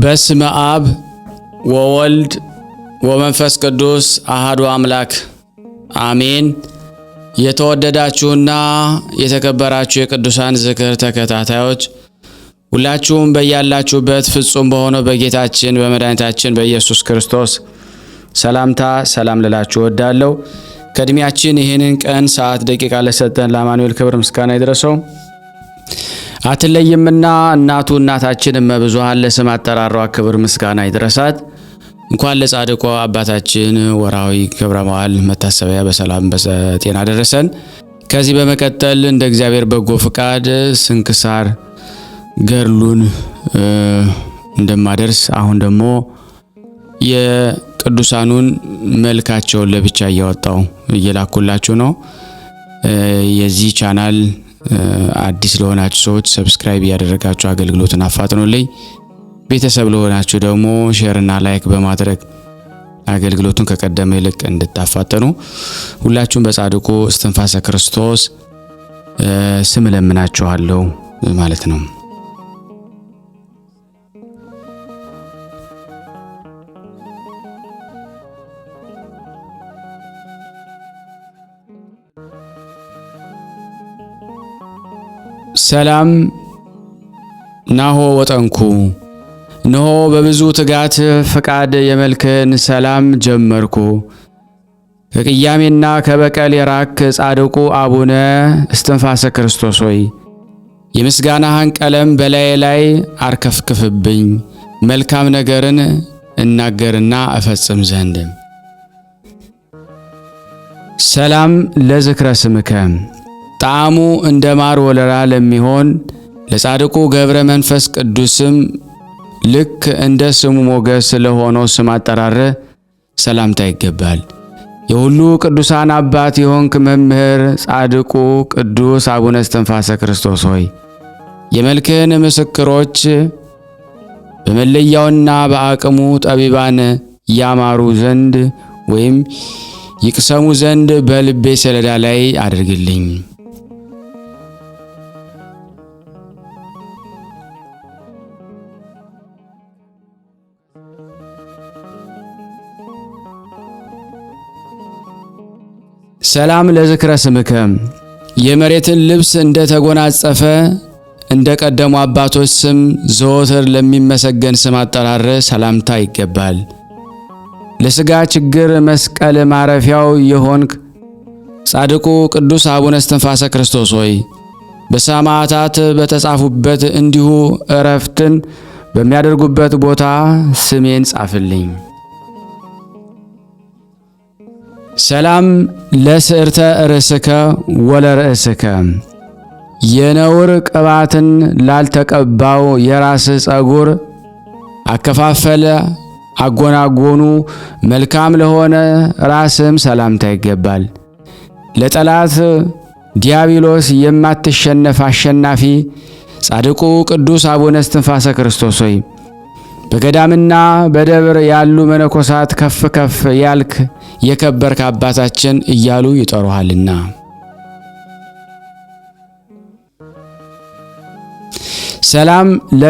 በስመ አብ ወወልድ ወመንፈስ ቅዱስ አሃዱ አምላክ አሜን። የተወደዳችሁና የተከበራችሁ የቅዱሳን ዝክር ተከታታዮች ሁላችሁም በያላችሁበት ፍጹም በሆነው በጌታችን በመድኃኒታችን በኢየሱስ ክርስቶስ ሰላምታ ሰላም ልላችሁ እወዳለሁ። ከእድሜያችን ይህንን ቀን ሰዓት፣ ደቂቃ ለሰጠን ለአማኑኤል ክብር ምስጋና ይድረሰው። አትለይምና እናቱ እናታችን እመብዙኃን ለስም አጠራሯ ክብር ምስጋና ይድረሳት። እንኳን ለጻድቋ አባታችን ወራዊ ክብረ መዋል መታሰቢያ በሰላም በጤና ደረሰን። ከዚህ በመቀጠል እንደ እግዚአብሔር በጎ ፍቃድ ስንክሳር ገድሉን እንደማደርስ አሁን ደግሞ የቅዱሳኑን መልካቸውን ለብቻ እያወጣው እየላኩላችሁ ነው። የዚህ ቻናል አዲስ ለሆናችሁ ሰዎች ሰብስክራይብ እያደረጋችሁ አገልግሎትን አፋጥኑልኝ። ቤተሰብ ለሆናችሁ ደግሞ ሼርና ላይክ በማድረግ አገልግሎቱን ከቀደመ ይልቅ እንድታፋጠኑ ሁላችሁም በጻድቁ እስትንፋሰ ክርስቶስ ስም እለምናችኋለሁ ማለት ነው። ሰላም ናሆ ወጠንኩ እነሆ በብዙ ትጋት ፈቃድ የመልክህን ሰላም ጀመርኩ። ከቅያሜና ከበቀል የራክ ጻድቁ አቡነ እስትንፋሰ ክርስቶስ ሆይ የምስጋናህን ቀለም በላዬ ላይ አርከፍክፍብኝ መልካም ነገርን እናገርና እፈጽም ዘንድ። ሰላም ለዝክረ ስምከ ጣዕሙ እንደ ማር ወለራ ለሚሆን ለጻድቁ ገብረ መንፈስ ቅዱስም ልክ እንደ ስሙ ሞገስ ለሆኖ ስም አጠራረ ሰላምታ ይገባል። የሁሉ ቅዱሳን አባት የሆንክ መምህር ጻድቁ ቅዱስ አቡነ እስትንፋሰ ክርስቶስ ሆይ የመልክህን ምስክሮች በመለያውና በአቅሙ ጠቢባን ያማሩ ዘንድ ወይም ይቅሰሙ ዘንድ በልቤ ሰሌዳ ላይ አድርግልኝ። ሰላም ለዝክረ ስምከ የመሬትን ልብስ እንደ ተጎናጸፈ እንደ ቀደሙ አባቶች ስም ዘወትር ለሚመሰገን ስም አጠራር ሰላምታ ይገባል። ለሥጋ ችግር መስቀል ማረፊያው የሆንክ ጻድቁ ቅዱስ አቡነ እስትንፋሰ ክርስቶስ ሆይ በሰማዕታት በተጻፉበት እንዲሁ እረፍትን በሚያደርጉበት ቦታ ስሜን ጻፍልኝ። ሰላም ለስዕርተ ርእስከ ወለርእስከ የነውር ቅባትን ላልተቀባው የራስ ጸጉር አከፋፈለ አጎናጎኑ መልካም ለሆነ ራስም ሰላምታ ይገባል። ለጠላት ዲያብሎስ የማትሸነፍ አሸናፊ ጻድቁ ቅዱስ አቡነ እስትንፋሰ ክርስቶስ ሆይ በገዳምና በደብር ያሉ መነኮሳት ከፍ ከፍ ያልክ የከበርክ አባታችን እያሉ ይጠሩሃልና። ሰላም ለ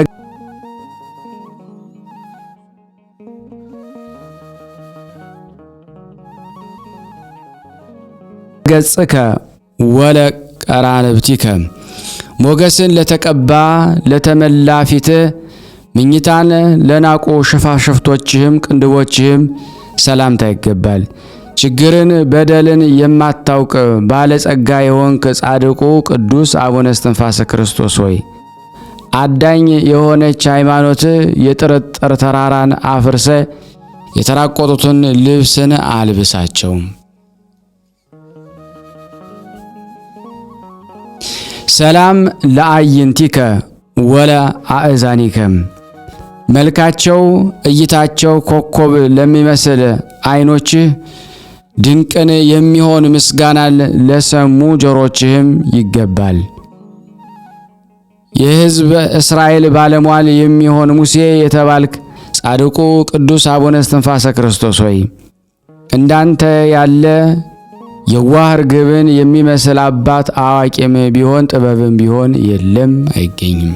ገጽከ ወለ ቀራንብቲከ ሞገስን ለተቀባ ለተመላ ፊትህ ምኝታን ለናቁ ሽፋሽፍቶችህም ቅንድቦችህም ሰላምታ ይገባል። ችግርን በደልን የማታውቅ ባለጸጋ የሆንክ ጻድቁ ቅዱስ አቡነ እስትንፋሰ ክርስቶስ ሆይ አዳኝ የሆነች ሃይማኖት የጥርጥር ተራራን አፍርሰ የተራቆጡትን ልብስን አልብሳቸው። ሰላም ለአይንቲከ ወለ አእዛኒከም መልካቸው እይታቸው ኮከብ ለሚመስል ዓይኖችህ ድንቅን የሚሆን ምስጋና ለሰሙ ጆሮችህም ይገባል። የሕዝብ እስራኤል ባለሟል የሚሆን ሙሴ የተባልክ ጻድቁ ቅዱስ አቡነ እስትንፋሰ ክርስቶስ ሆይ እንዳንተ ያለ የዋህ ርግብን የሚመስል አባት አዋቂም ቢሆን ጥበብም ቢሆን የለም አይገኝም።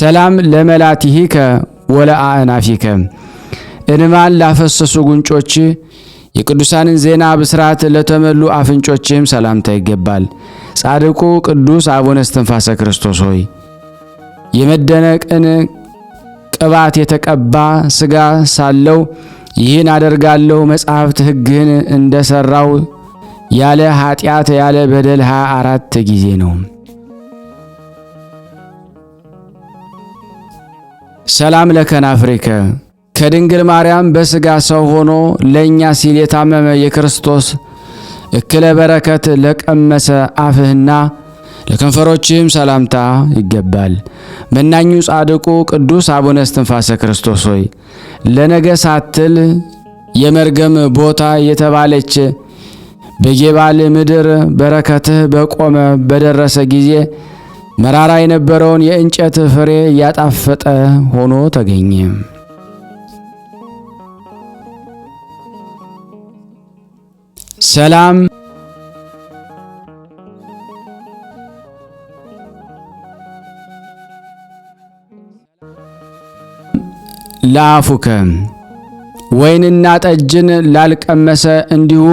ሰላም ለመላቲሂከ ወለአእናፊከ እንባን ላፈሰሱ ጉንጮች የቅዱሳንን ዜና ብስራት ለተመሉ አፍንጮችም ሰላምታ ይገባል። ጻድቁ ቅዱስ አቡነ እስትንፋሰ ክርስቶስ ሆይ የመደነቅን ቅባት የተቀባ ስጋ ሳለው ይህን አደርጋለሁ መጽሐፍት ሕግህን እንደሠራው ያለ ኃጢአት ያለ በደል 24 ጊዜ ነው። ሰላም ለከናፍሪከ ከድንግል ማርያም በሥጋ ሰው ሆኖ ለእኛ ሲል የታመመ የክርስቶስ እክለ በረከት ለቀመሰ አፍህና ለከንፈሮችህም ሰላምታ ይገባል። መናኙ ጻድቁ ቅዱስ አቡነ እስትንፋሰ ክርስቶስ ሆይ ለነገ ሳትል የመርገም ቦታ የተባለች በጌባል ምድር በረከትህ በቆመ በደረሰ ጊዜ መራራ የነበረውን የእንጨት ፍሬ እያጣፈጠ ሆኖ ተገኘ። ሰላም ለአፉከ ወይንና ጠጅን ላልቀመሰ እንዲሁ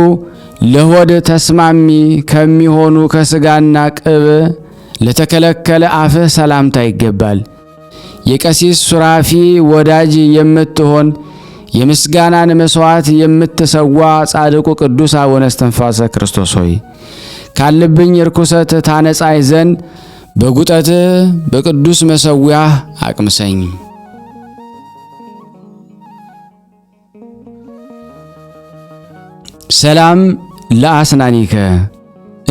ለሆድ ተስማሚ ከሚሆኑ ከስጋና ቅብ ለተከለከለ አፍህ ሰላምታ ይገባል። የቀሲስ ሱራፊ ወዳጅ የምትሆን የምስጋናን መሥዋዕት የምትሰዋ ጻድቁ ቅዱስ አቡነ እስትንፋሰ ክርስቶስ ሆይ ካለብኝ ርኩሰት ታነጻይ ዘንድ በጉጠትህ በቅዱስ መሠዊያህ አቅምሰኝ። ሰላም ለአስናኒከ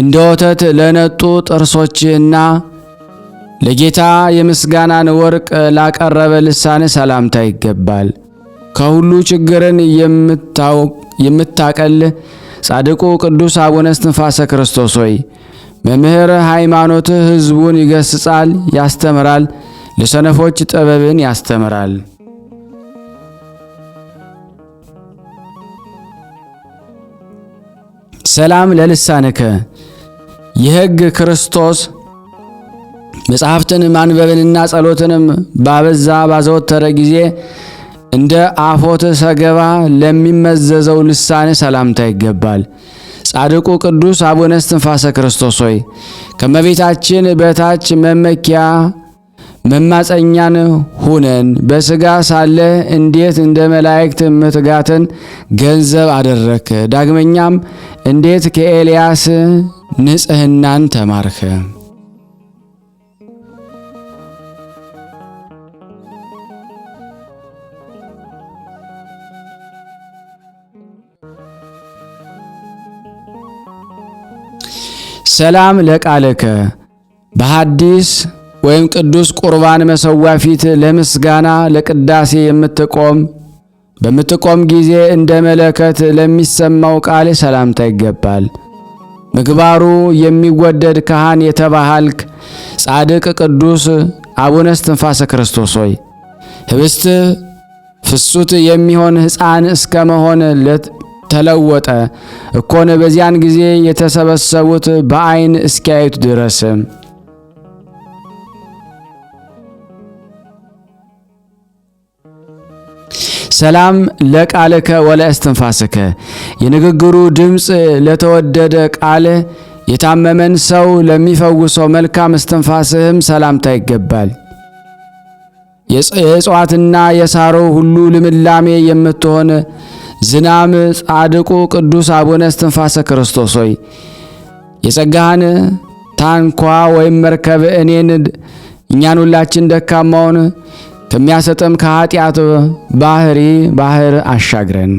እንደ ወተት ለነጡ ጥርሶችና ለጌታ የምስጋናን ወርቅ ላቀረበ ልሳን ሰላምታ ይገባል። ከሁሉ ችግርን የምታቀል ጻድቁ ቅዱስ አቡነ እስትንፋሰ ክርስቶስ ሆይ መምህር ሃይማኖትህ ሕዝቡን ይገስጻል፣ ያስተምራል፣ ለሰነፎች ጥበብን ያስተምራል። ሰላም ለልሳንከ የሕግ ክርስቶስ መጽሐፍትን ማንበብንና ጸሎትንም ባበዛ ባዘወተረ ጊዜ እንደ አፎተ ሰገባ ለሚመዘዘው ልሳን ሰላምታ ይገባል። ጻድቁ ቅዱስ አቡነ እስትንፋሰ ክርስቶስ ሆይ ከመቤታችን በታች መመኪያ መማፀኛን ሁነን በስጋ ሳለ እንዴት እንደ መላእክት ምትጋትን ገንዘብ አደረክ። ዳግመኛም እንዴት ከኤልያስ ንጽህናን ተማርኸ። ሰላም ለቃለከ በሐዲስ ወይም ቅዱስ ቁርባን መሠዊያ ፊት ለምስጋና ለቅዳሴ የምትቆም በምትቆም ጊዜ እንደ መለከት ለሚሰማው ቃል ሰላምታ ይገባል። ምግባሩ የሚወደድ ካህን የተባሃልክ ጻድቅ ቅዱስ አቡነ እስትንፋሰ ክርስቶስ ሆይ ህብስት ፍሱት የሚሆን ሕፃን እስከ መሆን ተለወጠ እኮን በዚያን ጊዜ የተሰበሰቡት በዐይን እስኪያዩት ድረስ ሰላም ለቃልከ ወለእስትንፋስከ የንግግሩ ድምፅ ለተወደደ ቃል የታመመን ሰው ለሚፈውሰው መልካም እስትንፋስህም ሰላምታ ይገባል። የእጽዋትና የሳሮ ሁሉ ልምላሜ የምትሆን ዝናም ጻድቁ ቅዱስ አቡነ እስትንፋሰ ክርስቶስ ሆይ የጸጋህን ታንኳ ወይም መርከብ እኔን እኛን ሁላችን ደካማውን ከሚያሰጠም ከኃጢአት ባህሪ ባህር አሻግረን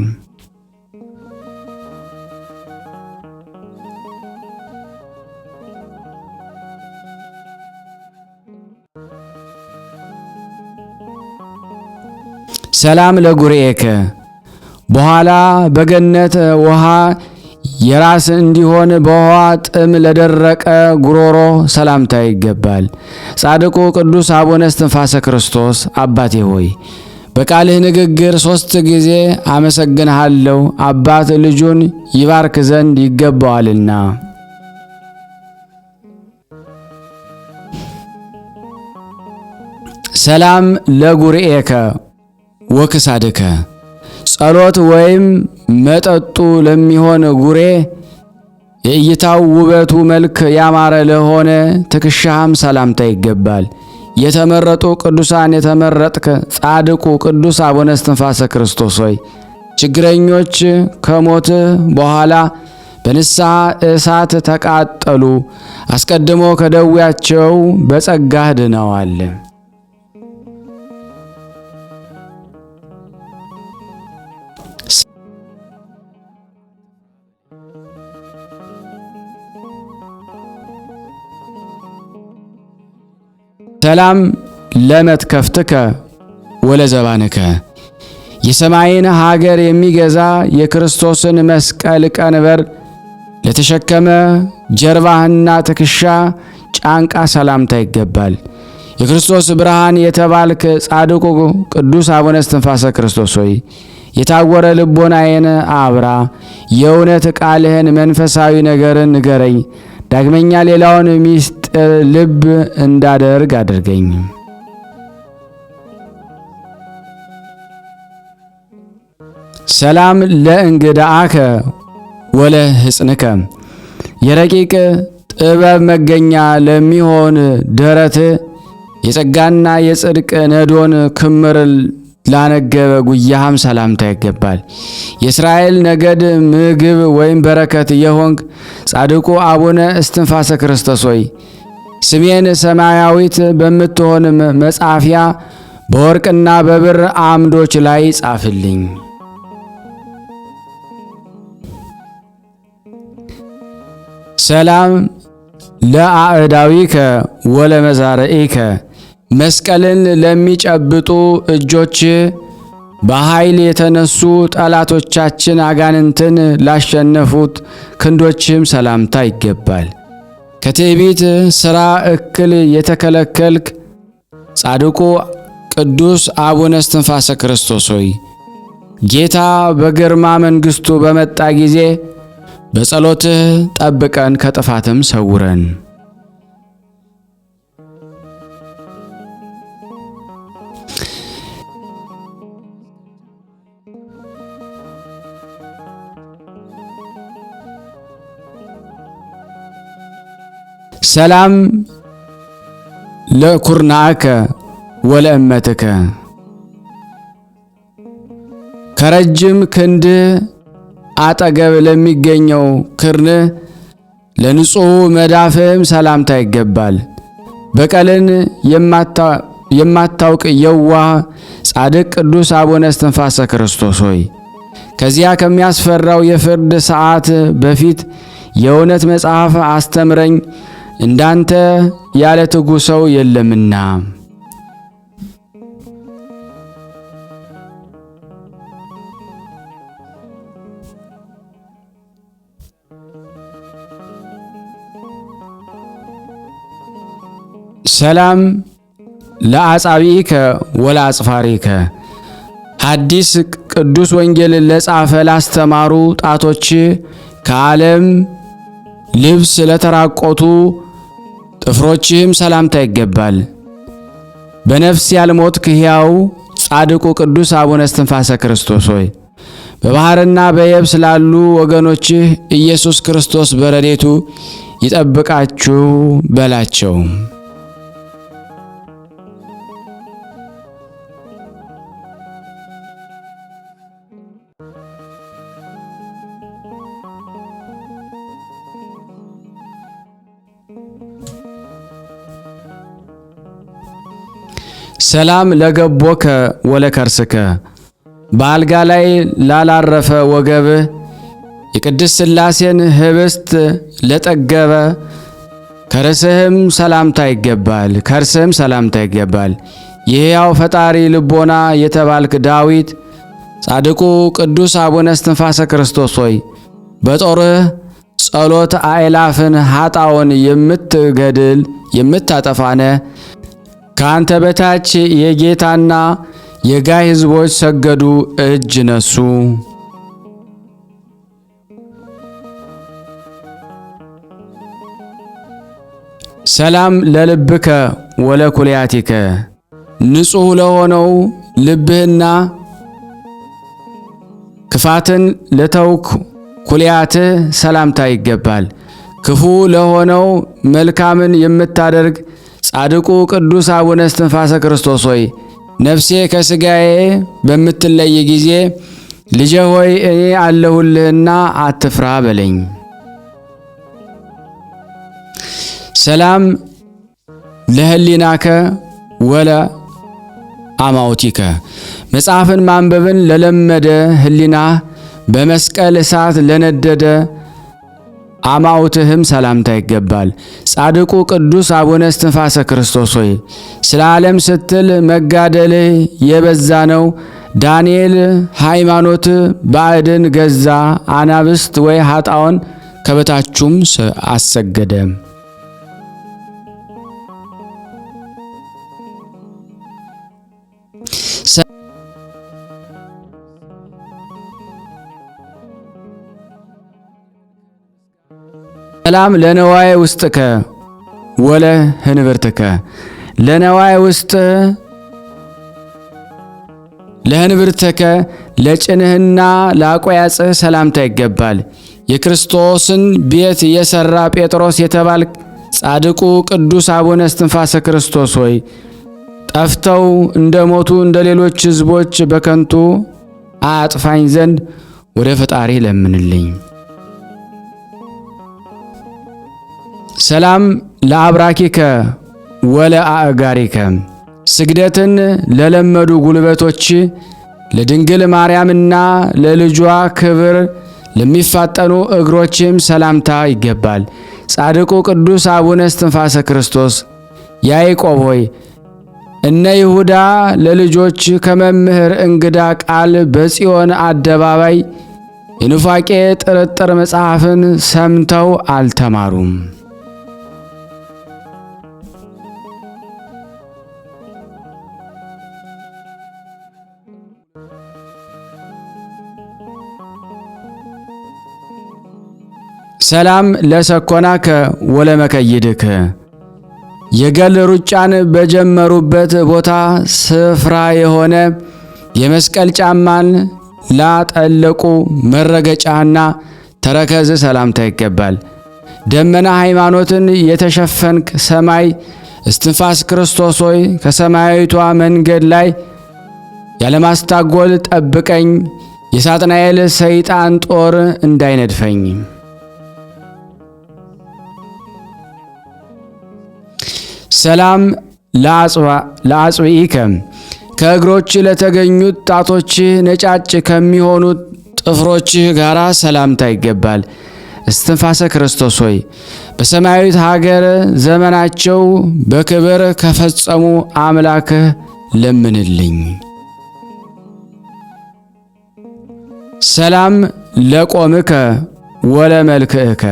ሰላም ለጉርኤከ በኋላ በገነት ውሃ የራስ እንዲሆን በውሃ ጥም ለደረቀ ጉሮሮ ሰላምታ ይገባል። ጻድቁ ቅዱስ አቡነ እስትንፋሰ ክርስቶስ አባቴ ሆይ በቃልህ ንግግር ሦስት ጊዜ አመሰግንሃለሁ፣ አባት ልጁን ይባርክ ዘንድ ይገባዋልና። ሰላም ለጉርኤከ ወክሳድከ ጸሎት ወይም መጠጡ ለሚሆን ጉሬ የእይታው ውበቱ መልክ ያማረ ለሆነ ትከሻህም ሰላምታ ይገባል። የተመረጡ ቅዱሳን የተመረጥክ ጻድቁ ቅዱስ አቡነ እስትንፋሰ ክርስቶስ ሆይ ችግረኞች ከሞት በኋላ በንስሐ እሳት ተቃጠሉ፣ አስቀድሞ ከደዌያቸው በጸጋህ ድነዋል። ሰላም ለመትከፍትከ ወለዘባንከ የሰማይን ሀገር የሚገዛ የክርስቶስን መስቀል ቀንበር ለተሸከመ ጀርባህና ትከሻ ጫንቃ ሰላምታ ይገባል። የክርስቶስ ብርሃን የተባልክ ጻድቁ ቅዱስ አቡነ እስትንፋሰ ክርስቶስ ሆይ የታወረ ልቦናዬን አብራ፣ የእውነት ቃልህን መንፈሳዊ ነገርን ንገረኝ። ዳግመኛ ሌላውን ሚስት ልብ እንዳደርግ አድርገኝ። ሰላም አከ ወለ ህጽንከ የረቂቅ ጥበብ መገኛ ለሚሆን ደረት የጸጋና የጽድቅ ነዶን ክምር ላነገበ ጉያህም ሰላምታ ይገባል። የእስራኤል ነገድ ምግብ ወይም በረከት የሆንክ ጻድቁ አቡነ እስትንፋሰ ክርስቶስ ሆይ ስሜን ሰማያዊት በምትሆን መጻፊያ በወርቅና በብር አምዶች ላይ ጻፍልኝ። ሰላም ለአዕዳዊከ ወለመዛረኢከ መስቀልን ለሚጨብጡ እጆች በኃይል የተነሱ ጠላቶቻችን አጋንንትን ላሸነፉት ክንዶችም ሰላምታ ይገባል። ከትዕቢት ሥራ እክል የተከለከልክ ጻድቁ ቅዱስ አቡነ እስትንፋሰ ክርስቶስ ሆይ ጌታ በግርማ መንግሥቱ በመጣ ጊዜ በጸሎትህ ጠብቀን ከጥፋትም ሰውረን። ሰላም ለኩርናከ ወለእመትከ ከረጅም ክንድህ አጠገብ ለሚገኘው ክርንህ ለንጹሕ መዳፍህም ሰላምታ ይገባል። በቀልን የማታውቅ የዋህ ጻድቅ ቅዱስ አቡነ እስትንፋሰ ክርስቶስ ሆይ ከዚያ ከሚያስፈራው የፍርድ ሰዓት በፊት የእውነት መጽሐፍ አስተምረኝ እንዳንተ ያለ ትጉ ሰው የለምና። ሰላም ለአጻቢከ ወለአጽፋሪከ አዲስ ቅዱስ ወንጌልን ለጻፈ ላስተማሩ ጣቶች ከዓለም ልብስ ለተራቆቱ ጥፍሮችህም ሰላምታ ይገባል። በነፍስ ያልሞት ክህያው ጻድቁ ቅዱስ አቡነ እስትንፋሰ ክርስቶስ ሆይ በባህርና በየብስ ላሉ ወገኖችህ ኢየሱስ ክርስቶስ በረዴቱ ይጠብቃችሁ በላቸው። ሰላም ለገቦከ ወለከርስከ በአልጋ ላይ ላላረፈ ወገብህ የቅድስት ሥላሴን ህብስት ለጠገበ ከርስህም ሰላምታ ይገባል። ከርስህም ሰላምታ ይገባል። የሕያው ፈጣሪ ልቦና የተባልክ ዳዊት ጻድቁ ቅዱስ አቡነ እስትንፋሰ ክርስቶስ ሆይ በጦርህ ጸሎት አእላፍን ኃጣውን የምትገድል የምታጠፋነ ከአንተ በታች የጌታና የጋይ ሕዝቦች ሰገዱ፣ እጅ ነሱ። ሰላም ለልብከ ወለኩልያቲከ ንጹሕ ለሆነው ልብህና ክፋትን ለተውክ ኩልያትህ ሰላምታ ይገባል። ክፉ ለሆነው መልካምን የምታደርግ ጻድቁ ቅዱስ አቡነ እስትንፋሰ ክርስቶስ ሆይ ነፍሴ ከሥጋዬ በምትለይ ጊዜ ልጄ ሆይ እኔ አለሁልህና አትፍራ በለኝ። ሰላም ለህሊናከ ወለ አማውቲከ መጽሐፍን ማንበብን ለለመደ ህሊና በመስቀል እሳት ለነደደ አማውትህም ሰላምታ ይገባል። ጻድቁ ቅዱስ አቡነ እስትንፋሰ ክርስቶስ ሆይ ስለ ዓለም ስትል መጋደልህ የበዛ ነው። ዳንኤል ሃይማኖት ባዕድን ገዛ፣ አናብስት ወይ ሀጣውን ከበታቹም አሰገደ። ሰላም ለነዋይ ውስጥከ ወለ ህንብርትከ ለነዋይ ውስጥ ለህንብርትከ ለጭንህና ለአቆያጽህ ሰላምታ ይገባል። የክርስቶስን ቤት የሰራ ጴጥሮስ የተባል ጻድቁ ቅዱስ አቡነ እስትንፋሰ ክርስቶስ ሆይ ጠፍተው እንደ ሞቱ እንደ ሌሎች ሕዝቦች በከንቱ አጥፋኝ ዘንድ ወደ ፈጣሪ ለምንልኝ። ሰላም ለአብራኪከ ወለ አእጋሪከ ስግደትን ለለመዱ ጉልበቶች ለድንግል ማርያምና ለልጇ ክብር ለሚፋጠኑ እግሮችም ሰላምታ ይገባል። ጻድቁ ቅዱስ አቡነ እስትንፋሰ ክርስቶስ ያዕቆብ ሆይ እነ ይሁዳ ለልጆች ከመምህር እንግዳ ቃል በጽዮን አደባባይ የኑፋቄ ጥርጥር መጽሐፍን ሰምተው አልተማሩም። ሰላም ለሰኮናከ ወለመከይድክ የገል ሩጫን በጀመሩበት ቦታ ስፍራ የሆነ የመስቀል ጫማን ላጠለቁ መረገጫና ተረከዝ ሰላምታ ይገባል። ደመና ሃይማኖትን የተሸፈንክ ሰማይ እስትንፋስ ክርስቶስ ሆይ ከሰማያዊቷ መንገድ ላይ ያለማስታጎል ጠብቀኝ፣ የሳጥናኤል ሰይጣን ጦር እንዳይነድፈኝ። ሰላም ለአጽብኢከ ከእግሮች ለተገኙት ጣቶችህ ነጫጭ ከሚሆኑት ጥፍሮችህ ጋር ሰላምታ ይገባል። እስትንፋሰ ክርስቶስ ሆይ በሰማያዊት ሀገር ዘመናቸው በክብር ከፈጸሙ አምላክህ ለምንልኝ። ሰላም ለቆምከ መልክእከ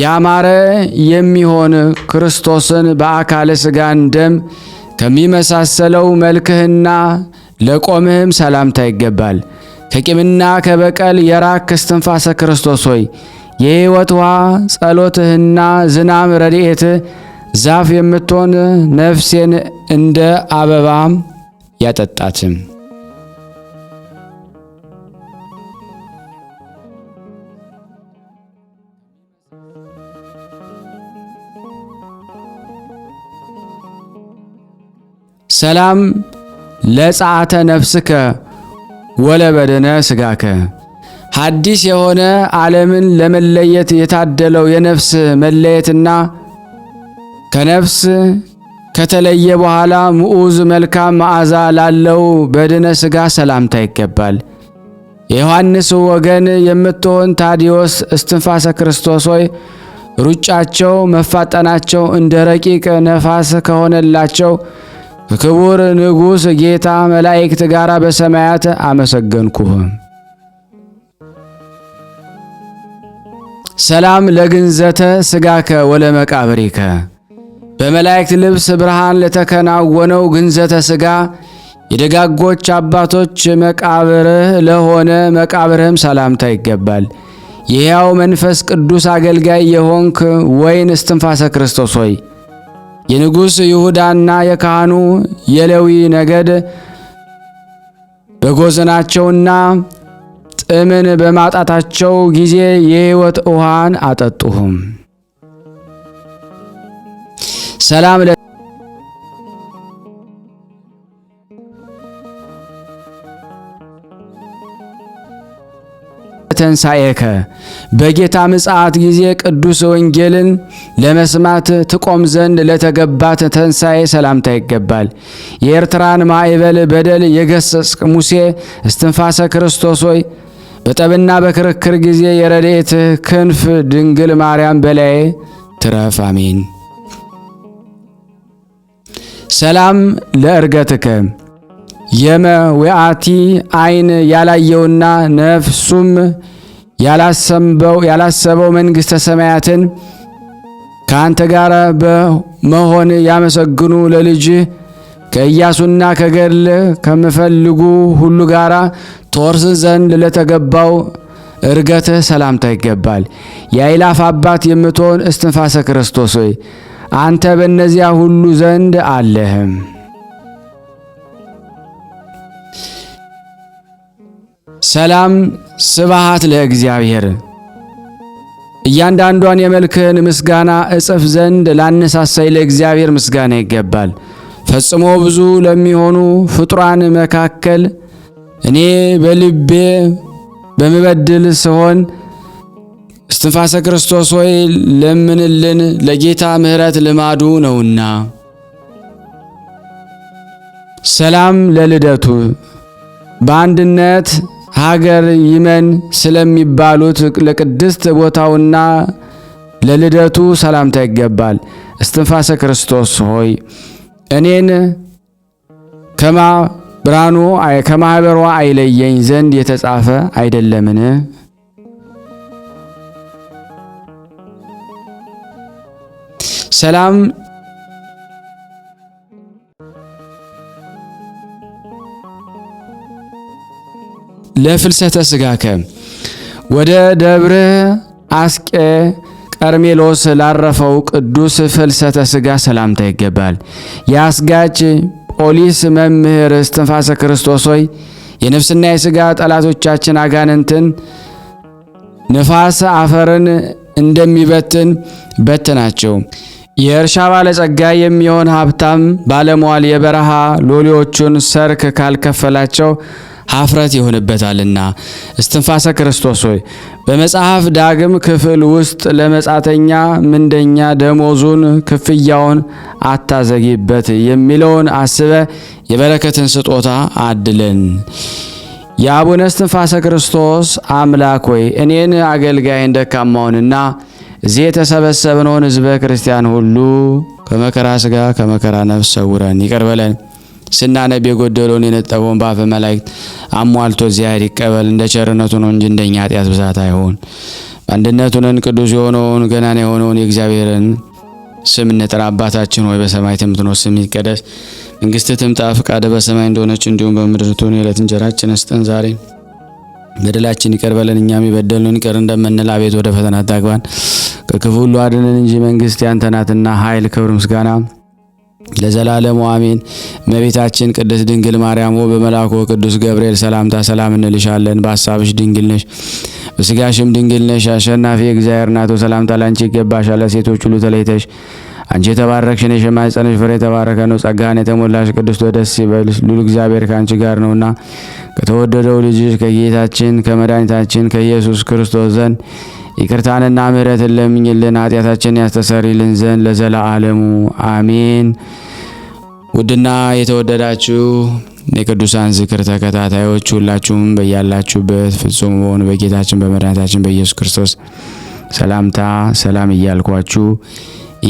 ያማረ የሚሆን ክርስቶስን በአካለ ሥጋን ደም ከሚመሳሰለው መልክህና ለቆምህም ሰላምታ ይገባል። ከቂምና ከበቀል የራክ እስትንፋሰ ክርስቶስ ሆይ የሕይወት ውሃ ጸሎትህና ዝናም ረድኤትህ ዛፍ የምትሆን ነፍሴን እንደ አበባም ያጠጣትም ሰላም ለጸአተ ነፍስከ ወለበደነ ስጋከ ሐዲስ የሆነ ዓለምን ለመለየት የታደለው የነፍስ መለየትና ከነፍስ ከተለየ በኋላ ምዑዝ መልካም መዓዛ ላለው በድነ ሥጋ ሰላምታ ይገባል። የዮሐንስ ወገን የምትሆን ታዲዮስ እስትንፋሰ ክርስቶስ ሆይ ሩጫቸው መፋጠናቸው እንደ ረቂቅ ነፋስ ከሆነላቸው ከክቡር ንጉሥ ጌታ መላእክት ጋር በሰማያት አመሰገንኩህ። ሰላም ለግንዘተ ስጋከ ወለ መቃብሪከ በመላእክት ልብስ ብርሃን ለተከናወነው ግንዘተ ስጋ የደጋጎች አባቶች መቃብርህ ለሆነ መቃብርህም ሰላምታ ይገባል። የሕያው መንፈስ ቅዱስ አገልጋይ የሆንክ ወይን እስትንፋሰ ክርስቶስ ሆይ የንጉሥ ይሁዳና የካህኑ የሌዊ ነገድ በጎዘናቸውና ጥምን በማጣታቸው ጊዜ የሕይወት ውሃን አጠጡሁም። ሰላም በተንሣኤከ በጌታ ምጽአት ጊዜ ቅዱስ ወንጌልን ለመስማት ትቆም ዘንድ ለተገባት ተንሳኤ ሰላምታ ይገባል። የኤርትራን ማዕበል በደል የገሰጽ ሙሴ እስትንፋሰ ክርስቶስ ሆይ በጠብና በክርክር ጊዜ የረድኤትህ ክንፍ ድንግል ማርያም በላዬ ትረፍ። አሜን። ሰላም ለእርገትከ የመ ወአቲ አይን ያላየውና ነፍሱም ያላሰበው መንግሥተ ሰማያትን ከአንተ ጋር በመሆን ያመሰግኑ ለልጅ ከኢያሱና ከገል ከምፈልጉ ሁሉ ጋር ቶርስ ዘንድ ለተገባው እርገተ ሰላምታ ይገባል። የአይላፍ አባት የምትሆን እስትንፋሰ ክርስቶስ ሆይ አንተ በእነዚያ ሁሉ ዘንድ አለህም። ሰላም ስብሃት ለእግዚአብሔር። እያንዳንዷን የመልክህን ምስጋና እጽፍ ዘንድ ላነሳሳይ ለእግዚአብሔር ምስጋና ይገባል። ፈጽሞ ብዙ ለሚሆኑ ፍጡራን መካከል እኔ በልቤ በምበድል ስሆን እስትንፋሰ ክርስቶስ ሆይ ለምንልን፣ ለጌታ ምሕረት ልማዱ ነውና። ሰላም ለልደቱ በአንድነት ሀገር ይመን ስለሚባሉት ለቅድስት ቦታውና ለልደቱ ሰላምታ ይገባል። እስትንፋሰ ክርስቶስ ሆይ እኔን ከማ ብራኑ ከማህበሯ አይለየኝ ዘንድ የተጻፈ አይደለምን? ሰላም ለፍልሰተ ስጋከ ወደ ደብረ አስቄ ቀርሜሎስ ላረፈው ቅዱስ ፍልሰተ ስጋ ሰላምታ ይገባል። የአስጋጭ ፖሊስ መምህር እስትንፋሰ ክርስቶስ ሆይ የነፍስና የስጋ ጠላቶቻችን አጋንንትን ንፋስ አፈርን እንደሚበትን በትናቸው። የእርሻ ባለጸጋ የሚሆን ሀብታም ባለሟል የበረሃ ሎሌዎቹን ሰርክ ካልከፈላቸው አፍረት ይሆንበታልና። እስትንፋሰ ክርስቶስ ሆይ በመጽሐፍ ዳግም ክፍል ውስጥ ለመጻተኛ ምንደኛ ደሞዙን ክፍያውን አታዘጊበት የሚለውን አስበ የበረከትን ስጦታ አድለን። የአቡነ እስትንፋሰ ክርስቶስ አምላክ ሆይ እኔን አገልጋይን ደካማውንና እዚህ የተሰበሰብነውን ሕዝበ ክርስቲያን ሁሉ ከመከራ ሥጋ ከመከራ ነፍስ ሰውረን ይቀርበለን። ስናነብ የጎደለውን የነጠበውን በአፈ መላእክት አሟልቶ እግዚአብሔር ይቀበል። እንደ ቸርነቱ ነው እንጂ እንደኛ ኃጢአት ብዛት አይሆን። አንድነቱንን ቅዱስ የሆነውን ገናና የሆነውን የእግዚአብሔርን ስም እንጥራ። አባታችን ሆይ በሰማይ የምትኖር ስም ይቀደስ፣ መንግስት ትምጣ፣ ፈቃድህ በሰማይ እንደሆነች እንዲሁም በምድር ትሁን። የዕለት እንጀራችንን ስጠን ዛሬ በደላችን ይቅር በለን እኛም የበደሉንን ይቅር እንደምንል፣ አቤት ወደ ፈተና አታግባን፣ ከክፉ ሁሉ አድነን እንጂ መንግስት ያንተ ናትና ኃይል፣ ክብር፣ ምስጋና ለዘላለሙ አሜን። እመቤታችን ቅድስት ድንግል ማርያም ወ በመልአኩ ቅዱስ ገብርኤል ሰላምታ ሰላም እንልሻለን። በሀሳብሽ ድንግል ነሽ፣ በስጋሽም ድንግል ነሽ። አሸናፊ እግዚአብሔር ናቶ ሰላምታ ላንቺ ይገባሻል። ሴቶች ሁሉ ተለይተሽ አንቺ የተባረክሽ ነሽ፣ የማኅፀንሽ ፍሬ የተባረከ ነው። ጸጋን የተሞላሽ ቅድስት ደስ ይበልሽ፣ እግዚአብሔር ከአንቺ ጋር ነውና ከተወደደው ልጅሽ ከጌታችን ከመድኃኒታችን ከኢየሱስ ክርስቶስ ዘንድ ይቅርታንና ምሕረትን ለምኝልን ኃጢአታችንን ያስተሰሪልን ዘንድ ለዘላለሙ አሜን። ውድና የተወደዳችሁ የቅዱሳን ዝክር ተከታታዮች ሁላችሁም በያላችሁበት ፍጹም በሆኑ በጌታችን በመድኃኒታችን በኢየሱስ ክርስቶስ ሰላምታ ሰላም እያልኳችሁ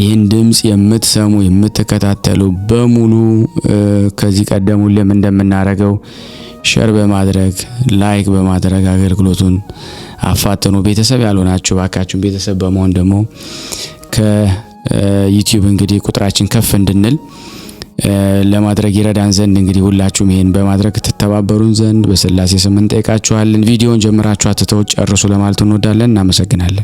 ይህን ድምፅ የምትሰሙ የምትከታተሉ በሙሉ ከዚህ ቀደም ሁሌም እንደምናደርገው ሸር በማድረግ ላይክ በማድረግ አገልግሎቱን አፋጥኑ። ቤተሰብ ያልሆናችሁ ባካችሁን ቤተሰብ በመሆን ደግሞ ከዩቲዩብ እንግዲህ ቁጥራችን ከፍ እንድንል ለማድረግ ይረዳን ዘንድ እንግዲህ ሁላችሁም ይሄን በማድረግ ትተባበሩን ዘንድ በስላሴ ስም እንጠይቃችኋለን። ቪዲዮን ጀምራችሁ አትተው ጨርሱ ለማለት እንወዳለን። እናመሰግናለን።